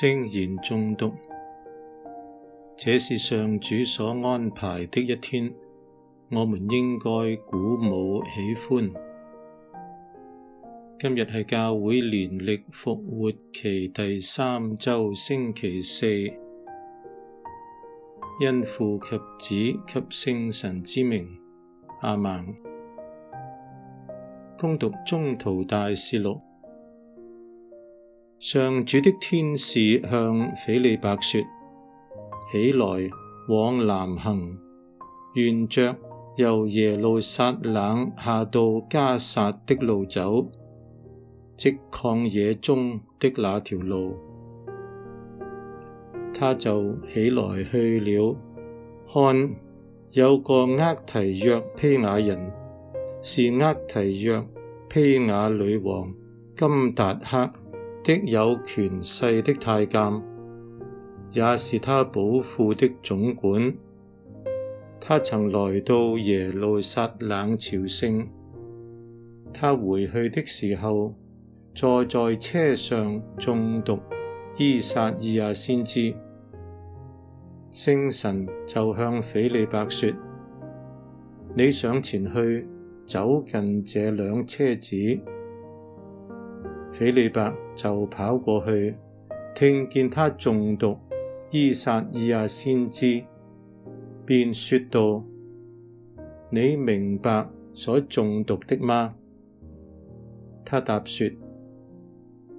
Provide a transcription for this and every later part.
清言誦讀，這是上主所安排的一天，我們應該鼓舞喜歡。今日係教會年曆復活期第三周星期四，因父及子及聖神之名，阿門。恭讀宗徒大事錄。上主的天使向斐理伯說：起來往南行，沿着由耶路撒冷下到迦薩的路走，即曠野中的那條路。他就起來去了，看有個厄提約丕雅人，是厄提約丕雅女王甘達刻。的有權勢的太監，也是他寶庫的總管。他曾來到耶路撒冷朝聖。他回去的時候，坐在車上誦讀依撒意亞先知，聖神就向斐理伯說：你上前去，走近這輛車子！斐理伯就跑過去，聽見他誦讀，依撒意亞先知便說道：你明白所誦讀的嗎？他答說：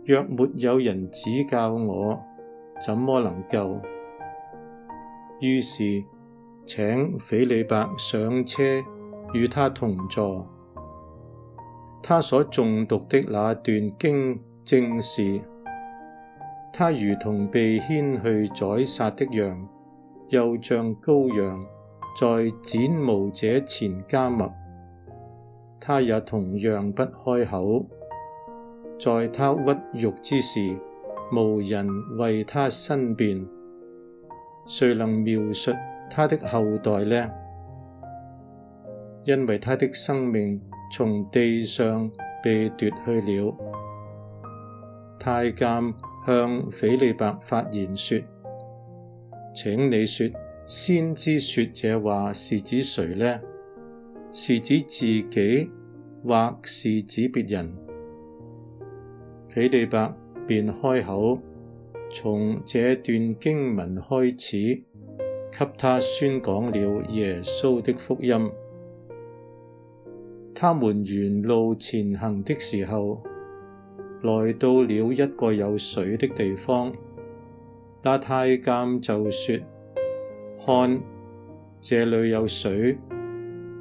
若沒有人指教我，怎麼能夠？於是請斐理伯上車，與他同坐。他所誦讀的那段經正，正是他如同被牽去宰殺的羊，又像羔羊在剪毛者前緘默，他也同樣不開口。在他屈辱之時，無人為他申辯。誰能描述他的後代呢？因為他的生命。從地上被奪去了。太監向斐理伯發言說：，請你說，先知說這話是指誰呢？是指自己，或是指別人？斐理伯便開口，從這段經文開始，給他宣講了耶穌的福音。他們沿路前行的時候，來到了一個有水的地方。那太監就說：看，這裏有水，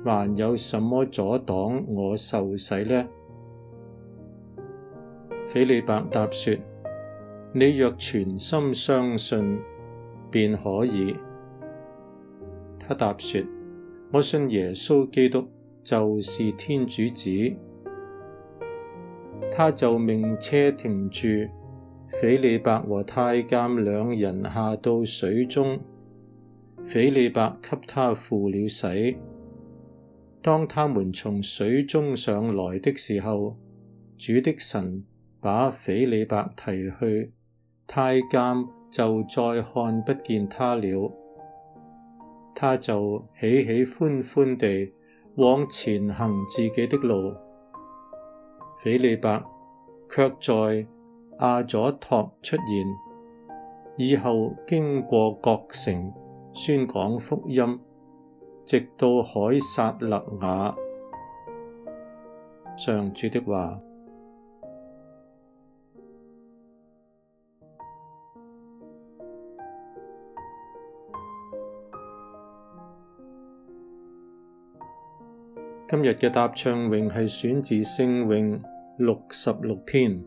還有什麼阻擋我受洗呢？斐理伯答說：你若全心相信，便可以。他答說：我信耶穌基督。就是天主子，他就命車停住，斐理伯和太監兩人下到水中，斐理伯給他付了洗。當他們從水中上來的時候，主的神把斐理伯提去，太監就再看不見他了，他就喜喜歡歡地，往前行自己的路，斐理伯卻在阿左托出現，以後經過各城，宣講福音，直到凱撒勒雅。上主的話。今日嘅答唱詠係選自聖詠六十六篇。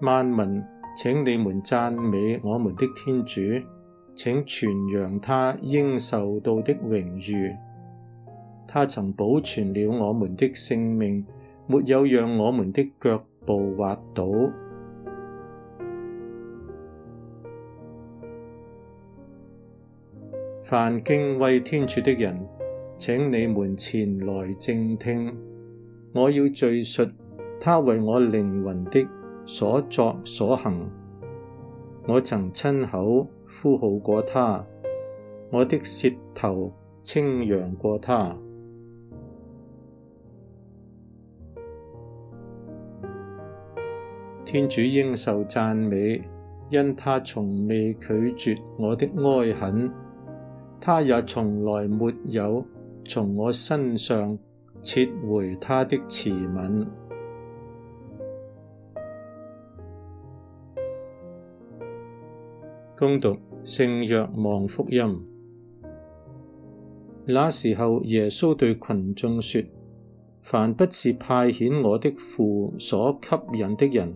萬民，請你們讚美我們的天主，請傳揚他應受到的榮譽。他曾保存了我們的性命，沒有讓我們的腳步滑倒。凡敬畏天主的人，請你們前來靜聽，我要敘述他為我靈魂的所作所行。我曾親口呼號過他，我的舌頭稱揚過他。天主應受讚美：因他從未拒絕我的哀懇。他也從來沒有從我身上撤回他的慈憫。恭讀《聖若望福音》，那時候，耶穌對群眾說：凡不是派遣我的父所吸引的人，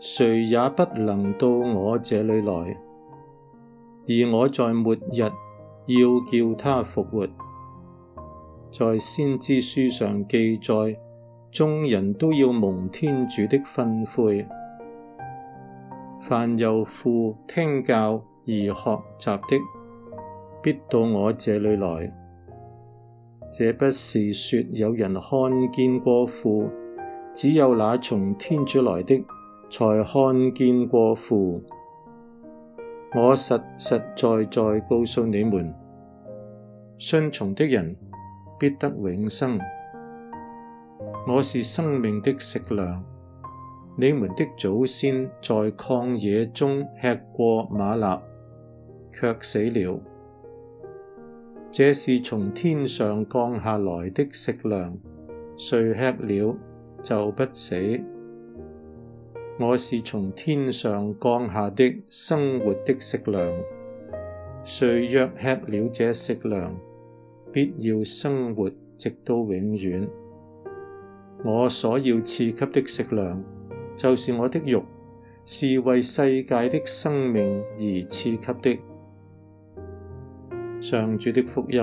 誰也不能到我這裡來。而我在末日，要叫他復活，在先知書上記載，眾人都要蒙天主的訓誨。凡由父聽教而學習的，必到我這裡來。這不是說有人看見過父，只有那從天主來的才看見過父。我實實在在告訴你們，信從的人必得永生。我是生命的食糧，你們的祖先在曠野中吃過瑪納，卻死了。這是從天上降下來的食糧，誰吃了就不死。我是從天上降下的生活的食糧，誰若吃了這食糧，必要生活直到永遠。我所要賜給的食糧，就是我的肉，是為世界的生命而賜給的。上主的福音。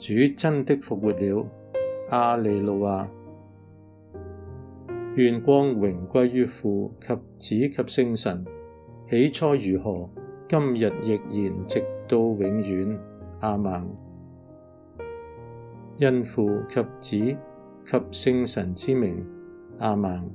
主真的復活了，阿利路亞、啊！願光榮歸於父及子及聖神，起初如何，今日亦然，直到永遠，阿孟。因父及子及聖神之名，阿孟。